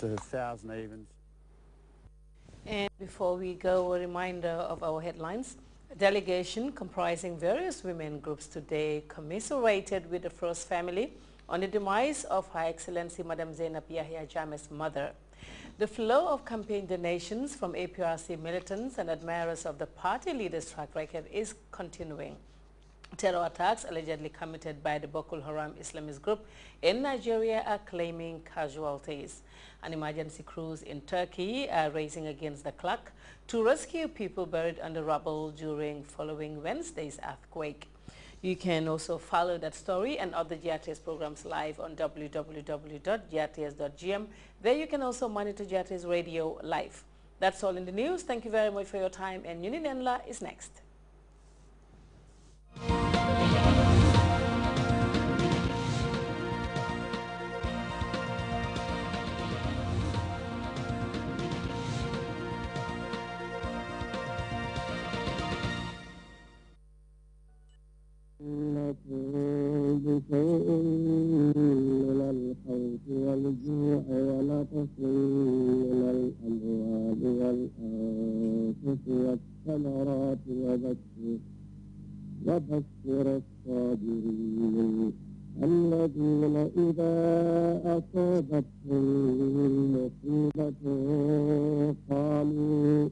to 1,000 evens. And before we go, a reminder of our headlines. A delegation comprising various women groups today commiserated with the first family on the demise of Her Excellency Madam Zainab Yahya Jammeh's mother. The flow of campaign donations from APRC militants and admirers of the party leader's track record is continuing terror attacks allegedly committed by the Boko Haram Islamist group in Nigeria are claiming casualties. An emergency crews in Turkey are uh, racing against the clock to rescue people buried under rubble during following Wednesday's earthquake. You can also follow that story and other GRTS programs live on www.grts.gm. There you can also monitor GRTS radio live. That's all in the news. Thank you very much for your time and Unilenla is next. من الأموال والأنفس والثمرات وبشر وبشر الصابرين الذين إذا أصابتهم مصيبة قالوا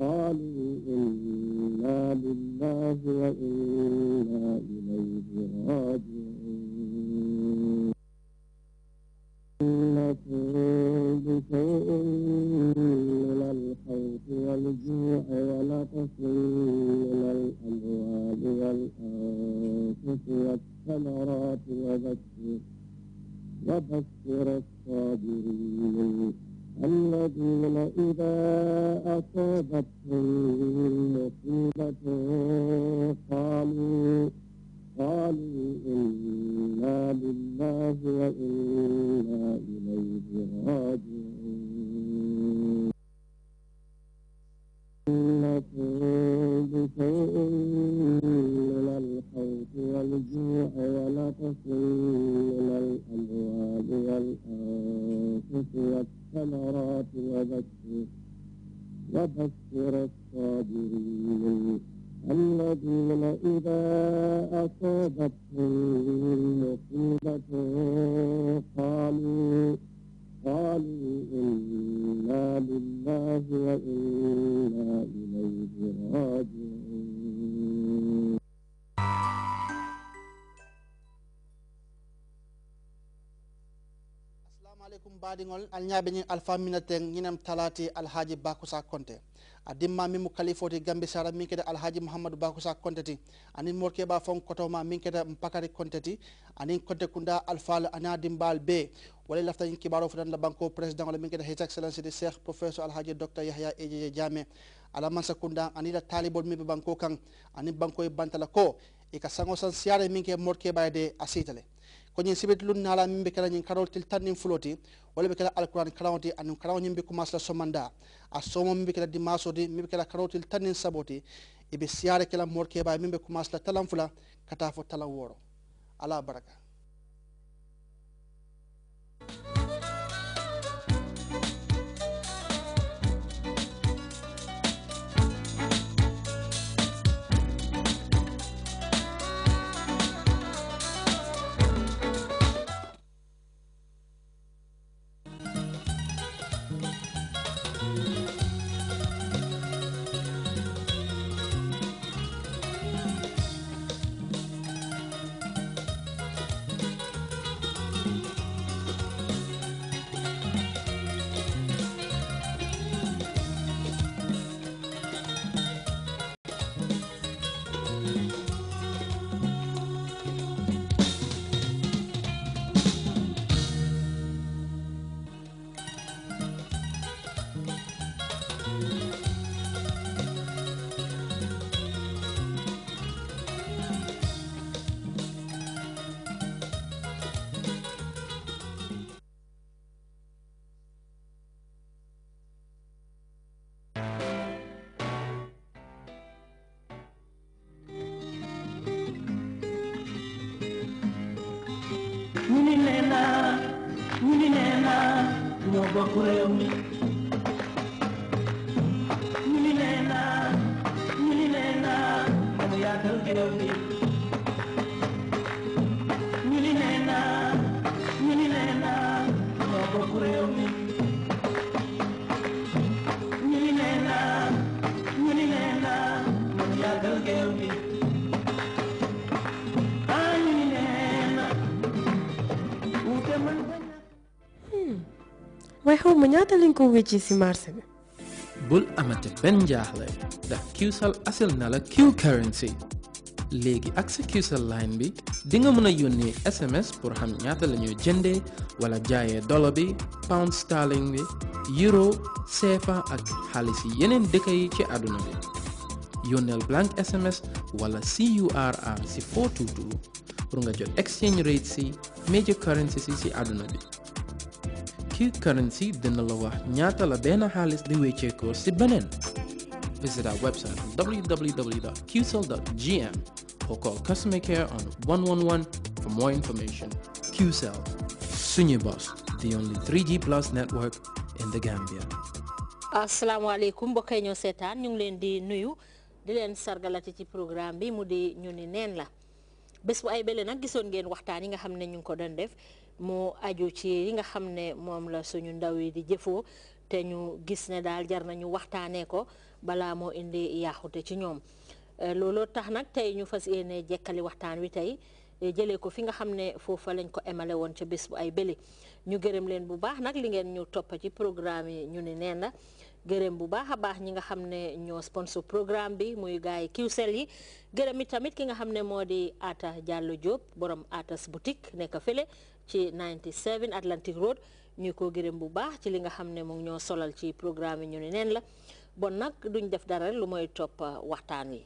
قالوا إنا لله وإنا إليه راجعون مَّسْنُونٍ بِشَيْءٍ الْخَوْفِ وَالْجُوعِ وَنَقْصٍ مِّنَ الْأَمْوَالِ وَالْأَنفُسِ وَالثَّمَرَاتِ وَبَشِّرِ الصابرين الذين إذا أصابتهم مصيبة قالوا قالوا إنا لله وإنا إليه راجعون إنكم بشيء من الخوف والجوع ونقص من الأموال والثمرات وبشر الصابرين Assalamualaikum, alhamdulillah, alhamdulillah, alhamdulillah, alhamdulillah, alhamdulillah, alhamdulillah, alhamdulillah, alhamdulillah, alhamdulillah, alhamdulillah, adimma min mo kalifoti gambe sara min kede alhaji mouhamadou bakusa kontati anin morkeba fon kotoma min kede pakari kontati anin konte kunda alfal ana dimbal be wala lafta ñin kibaro fudan la banko président wala min kede his excellence de cheikh professeur alhaji docteur yahya ejeje jame ala mansa kunda anila talibol min be banko kan anin banko e bantala ko e ka sango san siare min ke morkeba de asitale koñin ñiŋ nala luŋ naa la miŋ be kela ñiŋ karoo tili taŋ niŋ fuloo ti walla be kela alkurani karaŋo ti aniŋ karaŋo ñiŋ be kumaasi la somanda a somo miŋ be kela dimaasoo ti miŋ be kela karoo tili tan nin saboo ti i be kela moori min be kumaasi la talaŋ fula kata fo talan wooro ala baraka Eu me waaye xaw ma ñaata lañ ko wécci si marché bi bul amati benn jaaxle ndax qsal asil na la q currency léegi ak sa qsal line bi di nga mën a yónnee sms pour xam ñaata la ñoo jëndee wala jaayee dollar bi pound sterling bi euro CFA ak xaalis yi yeneen dëkk yi ci àdduna bi yónneel blank sms wala CURA si 422 pour nga jot exchange rate si major currency si si àdduna bi QCurrency dina la wax ñaata la benn xaalis di wéccee si beneen visit our website www.qcell.gm or call customer care on 111 for more information. QCell, Sunyibos, the only 3G plus network in the Gambia. Assalamu alaikum bokay ñoo sétane ñu ngi leen di nuyu di leen sargalati ci programme bi mu di ñu ni neen la bés bu ay bele nag gisoon ngeen waxtaan yi nga xam ne ñu ngi ko doon def mu aju ci yi nga xam ne moom la suñu ndaw yi di jëfoo te ñu gis ne daal jar nañu waxtaanee ko balaa moo indi yaaxute ci ñoom euh, looloo tax nag tey ñu fas yéene jekkali waxtaan wi tey euh, jëlee ko fi nga xam ne foofa lañ ko emale woon ca bés bu ay bëli ñu gërëm leen bu baax nag li ngeen ñu toppa ci programme yi ñu ne neen la gërëm bu baax a baax ñi nga xam ne ñoo sponsor programme bi muy gaay kiwsel yi gërëm i tamit ki nga xam ne moo di Atta Diallo Diop borom Atta's boutique nekk fële ci 97 Atlantic Road ñu ko gërëm bu baax ci li nga xam ne mu ñoo solal ci programme yi ñu ne neen la bon nag duñ def dara lu mooy topp waxtaan wi.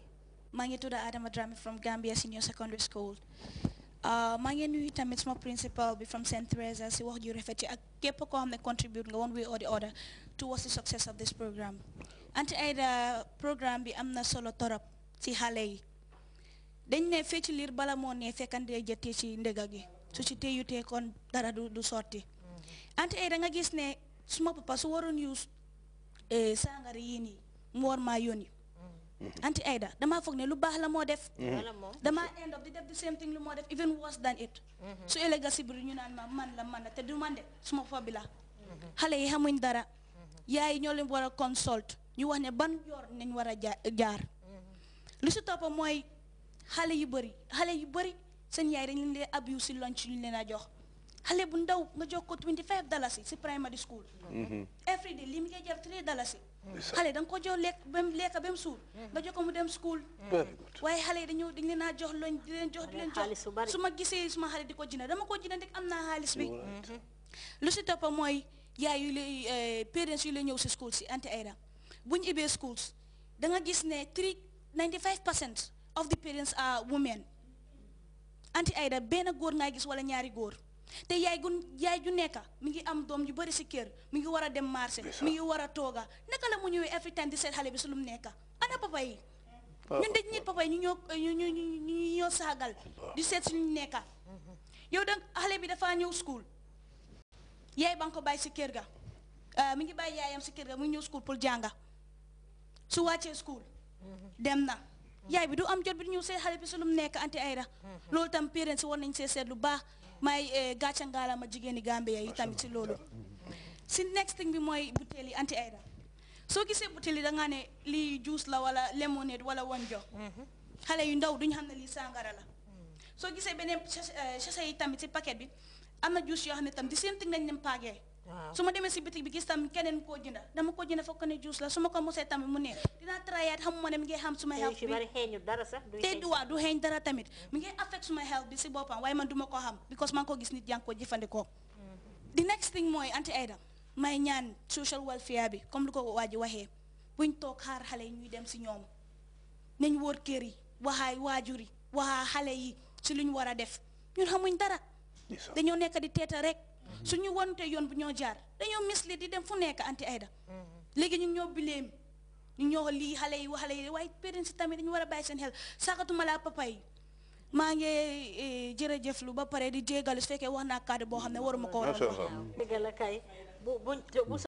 maa ngi tudd Adama Dramé from Gambia Senior Secondary School. Euh, maa ngeen nuyu tamit suma principal bi from Saint Teresa si wax ju rafet yi ak képp koo xam ne contribute nga one way or the other towards the success of this programme anti aida programme bi am na solo torop si xale yi dañ ne fecci liir bala moo ne fekkandee jëttee ci ndëga gi su ci téyutee kon dara du du sotti anti aida nga gis ne suma papa su waroon use eh, sàngara yii nii mu war maa yónni Mhm. anti Aida damaa foog ne lu baax la moo def. Mhm. damaa end up di def the same thing lu moo def even worse than it. Mhm. su élega si biir ñu naan ma man la man la te du man de suma fo bi la. xale yi xamuñ dara. yaay ñoo leen war a consult ñu wax ne ban yoon nañ war a jaar. lu si topp mooy xale yu bari xale yu bëri seen yaay dañ leen di abuse si lunch ñu leen a jox. xale bu ndaw nga jox ko 25 dalasi si primary school. every day li mu ngi jar 3 dalasi. xale da nga ko jox lekk ba mu lekk ba mu suur mm-hmm. nga jox ko mu dem school waaye xale yi dañu dañ leen naa jox loñ di leen jox di leen jox su ma gisee suma xale di ko jina dama ko jina ndek am naa xaalis bi mm-hmm. lu si toppa mooy yaay yu lay eh, parents yu lay ñëw si school si anti ayda buñ ibee schools da nga gis ne three ninety five percent of the parents are women anti ayda benn góor ngaa gis wala ñaari góor te yaay gu yaay ju nekk mi ngi am doom yu bari si kër mi ngi war a dem marché mi ngi war a tooga naka la mu ñëwee every time di seet xale bi su lu mu nekk ana papa yi ñun dañ nit papa yi ñu ñoo ñu ñu ñu ñoo saagal di seet suñu nekk yow da xale bi dafaa ñëw school yaay ba ko bàyyi si kër ga euh, mi ngi bàyyi yaayam si kër mu ngi ñëw school pour jànga su wàccee school dem na yaay bi du am jot bi du ñëw seet xale bi su lu mu nekk anti ayra mm-hmm. loolu tam parents si war nañ see seet lu baax may eh, gàcce ngaalama jigéeni Gambia yi tamit ci loolu si next thing bi mooy butéel yi anti aida soo gisee butéel yi da ne lii juice la wala lemonade wala wonjo xale yu ndaw duñu xam ne lii sàngara la soo gisee beneen sachet eh, yi tamit si packet bi am na juice yoo xam ne tam di same thing nañ leen paagee su ma demee si bitik bi gis tam keneen ko jënda dama ko jënda foog ne juus la su ma ko mosee tamit mu nee dinaa trayaat xam ma ne mi ngi xam suma health bi te du dara tamit mi ngi affect suma health bi si boppam waaye man du ko xam because man ko gis nit yaa ngi ko jëfandikoo mm-hmm. the next thing mooy anti aidam may ñaan social welfare bi comme lu ko waa ji waxee buñ toog xaar xale yi ñuy dem si ñoom nañ wóor kër yi waxaay waajur yi waxaa xale yi si luñ war a def ñun xamuñ dara dañoo nekk di teeta rek suñu wonte yoon bu ñoo jaar dañoo misli di dem fu nekk anti ayda mm-hmm. léegi ñu ngi ñoo bileem ñu ñoo lii xale yi wax xale yi waaye parents tamit dañu war a bàyyi seen xel saxatuma laa papa yi maa ngi eh, jërëjëf lu ba pare di jégalu su fekkee wax naa kàddu boo xam ne waruma ko war a wax